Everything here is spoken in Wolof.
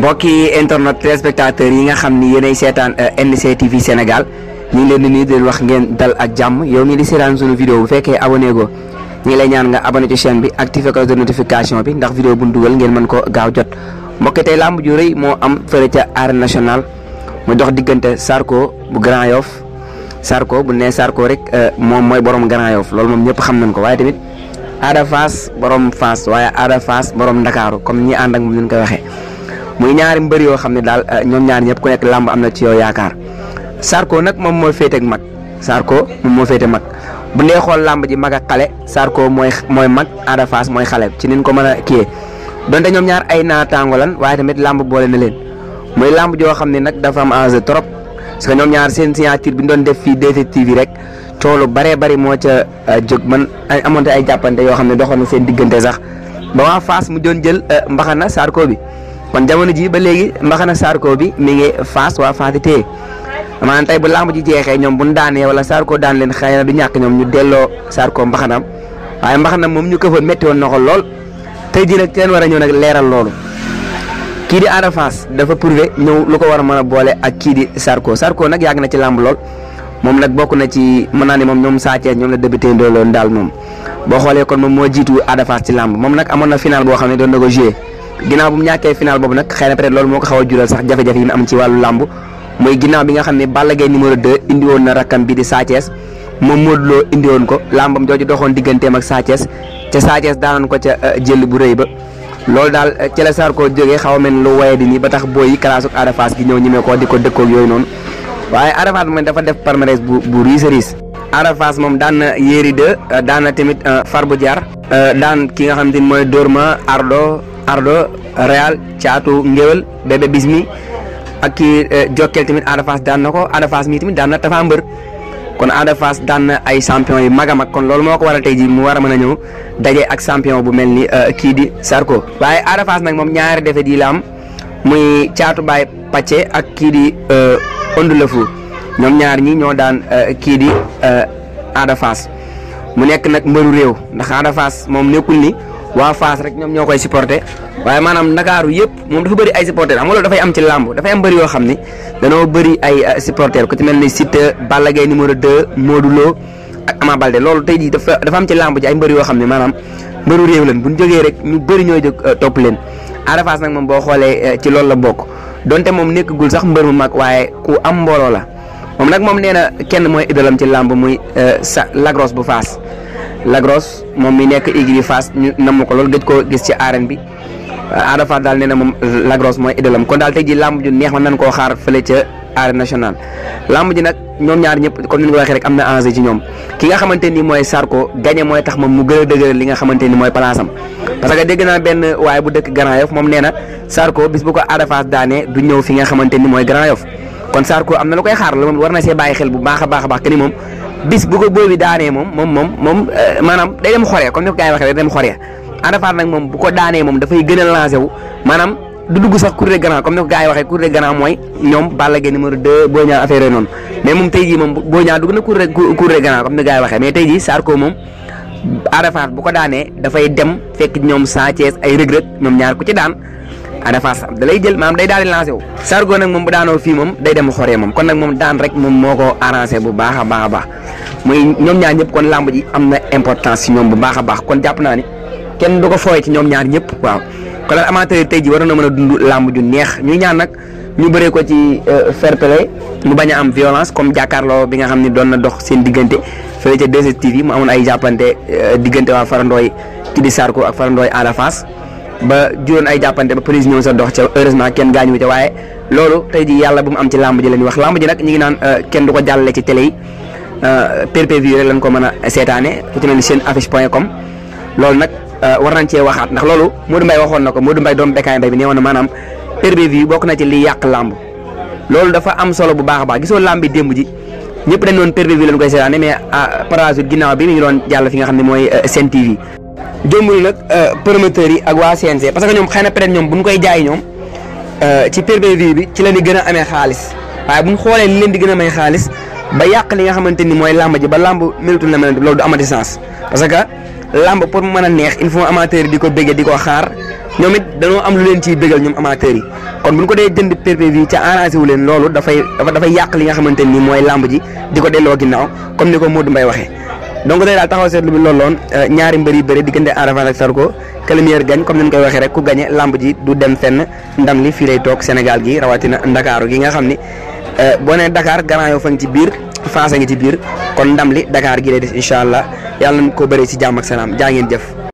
mbokki internet téléspectateurs yi nga xam ni yéenay seetaan euh, NCTV Sénégal ñu ngi leen di nii di wax ngeen dal ak jàmm yow mi di seetaan sunu vidéo bu fekkee abonné go ñu ngi lay ñaan nga abonné ci chaîne bi activé ko de notification bi ndax vidéo bu ñu dugal ngeen mën ko gaaw jot mbokki tey làmb ju rëy moo am fële ca arène nationale mu dox diggante Sarko bu Grand Yoff Sarko bu nee Sarko rek euh, moom mooy borom Grand Yoff loolu moom ñëpp xam nañ ko waaye t Ada Fass borom Fass waaye Ada Fass borom Ndakaaru comme ñi ànd ak moom ñu koy waxee. muy ñaari mbër yoo xam ne daal euh, ñoom ñaar ñëpp ku nekk làmb am na ci yow yaakaar Sarko nag moom moo féete ak mag Sarko moo féete mag bu ndee xool làmb ji mag ak xale Sarko mooy mooy mag Ada Fass mooy xale ci nin ko mën a kiyee donte ñoom ñaar ay naataango lan waaye tamit làmb boole na leen muy làmb joo xam ne nag dafa am enjeu trop parce que ñoom ñaar seen signature bi ñu doon def fii DTV rek coow lu bëree bëri moo ca euh, jóg man amoonte ay jàppante yoo xam ne doxoon na seen diggante sax ba waa Fass euh, bi. kon jamono ji ba léegi mbaxana Sarko bi mi ngi faas waa faas di téye maanaam tey bu làmb ji jeexee ñoom bu ñu daanee wala Sarko daan leen xëy na du ñàkk ñoom ñu delloo Sarko mbaxanaam waaye mbaxanaam moom ñu këfoon métti woon na lool te jii nag seen war a ñëw nag leeral loolu kii di Ada Fass dafa prouvé ñëw lu ko war a mën a boole ak kii di Sarko Sarko nag yàgg na ci làmb lool moom nag bokk na ci mën naa ne moom ñoom Sa Thiès ñoom la débuté ndooloon daal moom boo kon moom moo jiitu Ada Fass ci làmb moom nag amoon na final boo xam ne doon na ko joué ginnaaw bu mu ñàkkee final boobu nag xëy na peut-être loolu moo ko xaw jural sax jafe-jafe yi mu am ci wàllu làmb mooy ginnaaw bi nga xam ne Balla Gaye numéro 2 indi woon na rakkam bi di Sa Thiès moom Modou Lo indi woon ko làmbam jooju doxoon digganteem ak Sa Thiès ca Sa Thiès daanoon ko ca euh, jël bu rëy ba loolu daal euh, ci la Sarko jógee xaw na lu waye di nii ba tax booy yi classe ak Ada Fass gi ñëw ñemee ko di ko dëkkoog yooyu noonu waaye Ada moom dafa def palmarès bu bu riis riis Ada Fass moom daan na Yéri 2 euh, daan na tamit Farbu Diar daan ki nga xam ne mooy Dorma Ardo Ardo Real caatu ngéwél bébé bismi ak ki eh, Jokkel tamit Ada Fass daan na ko Ada Fass mii tamit daan na Tapha Mbeur kon Ada Fass daan na ay champion yu mag a mag kon loolu moo ko waral te jii mu war a mën a ñëw daje ak champion bu mel ni eh, kii di Sarko waaye Ada Fass nag moom ñaari defe yi la am muy caatu baay pàcce ak kii di eh, Ondulëfu ñoom ñaar ñi ñoo daan kii di Ada mu nekk nag mbëru réew ndax Ada moom nekkul ni. waa Fass rek ñoom ñoo koy supporté waaye maanaam Ndakaaru yëpp moom dafa bari ay supporters xam nga loolu dafay am ci làmb dafay am bëri yoo xam ni danoo bëri ay euh, supporters ku ci mel ni Siteu Balla Gaye numéro 2 Modou loolu tey jii dafa dafa ci làmb ji ay mbër yoo xam ne maanaam mbëru réew leen bu ñu jógee rek ñu bari ñoo jóg euh, topp leen Ada Fass nag moom boo xoolee euh, ci loolu la bokk donte moom nekkagul sax mbër mu mag waaye ku am mbooloo la moom nag moom nee na kenn mooy idolam ci làmb muy sa Lagros bu faas la Lagros moom mi nekk igri Fass ñu namm ko loolu gëj koo gis ci arène bi Ada Fass daal nee na moom Lagros mooy idélam kon daal tey ji làmb ju neex man nan koo xaar fële ca nationale làmb ji nag ñoom ñaar ñëpp comme ni nga ko waxee rek am na enjeu ki nga xamante ni mooy Sarko gagné mooy tax moom mu gën a li nga xamante ni mooy place am parce que dégg naa benn bu dëkk Grand moom nee na Sarko bis bu ko Ada Fass daanee du ñëw fi nga xamante ni mooy Grand Yoff kon Sarko am na lu koy xaar loolu moom war na see bàyyi xel bu baax a baax a ni moom bis bu ko booy bi daanee moom moom moom moom eh, maanaam day dem xoree comme ni ko gars yi waxee day dem xoree Ada Fass nag moom bu ko daanee moom dafay gën a lancé wu maanaam du dugg sax cour de grand comme ni ko gars yi waxee cour de mooy ñoom Balla Gaye numéro 2 Boy Niang affaire noonu mais moom tey jii moom Boy Niang dugg na cour de cour de grand comme ni gars yi waxee mais tey jii Sarko moom Ada Fass bu ko daanee dafay dem fekk ñoom Sa Thiès ay rëg-rëg ñoom ñaar ku ci daan Ada Fass da lay jël maanaam day daal di lancé wu Zarko nag moom bu daanoo fii moom day dem xoree moom kon nag moom daan rek moom moo ko arrangé bu baax a baax a baax muy ñoom ñaar ñëpp kon lamb ji am na importance si ñoom bu baax a baax kon jàpp naa ni kenn du ko fooyee ci ñoom ñaar ñëpp waaw kon nag amateur yi tey ji war na mën a dund làmb ju neex ñuy ñaan nag ñu bëree ko ci euh, fair play mu bañ a am violence comme jàkkaarloo bi nga xam ne doon na dox seen diggante fële ca 2 yi mu amoon ay jàppante euh, diggante waa farandooy ki di Zarko farandooy Ada Fass ba juróon ay jàppante ba police ñëw sa dox ca heureusement kenn gaañu ca waaye loolu tey ji yàlla bu mu am ci làmb ji la wax làmb ji nag ñu ngi naan euh, kenn du ko jàllale ci télé yi euh, PPV rek lañ ko mën a seetaane ku ci mel ni seen affiche point comme loolu nag euh, war nañ cee waxaat ndax loolu Modou Mbaye waxoon na ko Modou Mbaye doom Bécaye Mbaye bi nee woon na maanaam PPV bokk na ci liy yàq làmb loolu dafa am solo bu baax a baax gisoo làmb bi démb ji ñëpp dañ doon PPV lañ koy seetaane mais à parage ginnaaw bi mi ngi doon jàll fi nga xam ne mooy Sen jombul nag euh, promoteurs yi ak waa CNG parce que ñoom xay na peut ñoom bu ñu koy jaay ñoom euh, ci pay bi ci leen di gën a amee xaalis waaye bu ñu xoolee li leen di gën a may xaalis ba yàq li nga xamante ni mooy làmb ji ba làmb melitul na mel loolu du amati parce que làmb pour mu mën a neex il faut amateur di ko bëggee di ko xaar ñoom it dañoo am ciy bëggal ñoom amateurs yi kon bu ko dee jënd per view ca arrangé wu loolu dafay dafay yàq li nga xamante ni mooy làmb ji di ko delloo ginnaaw comme ni ko moo Mbaye waxee. donc tey daal taxaw seetlu bi loolu loon euh, ñaari mbër yu bëri diggante Ada Fass ak Zarko que le meilleur gagne koy waxee rek ku gagné lamb ji du dem fenn ndam li fii lay toog Sénégal gi rawatina Ndakaaru gi nga xam ni euh, boo nee Dakar Grand Yoff fa ngi ci biir Fass a ngi ci biir kon ndam li Dakar gi lay des incha allah yàlla nañu ko bëree ci jàmm ak salaam jaa ngeen jëf.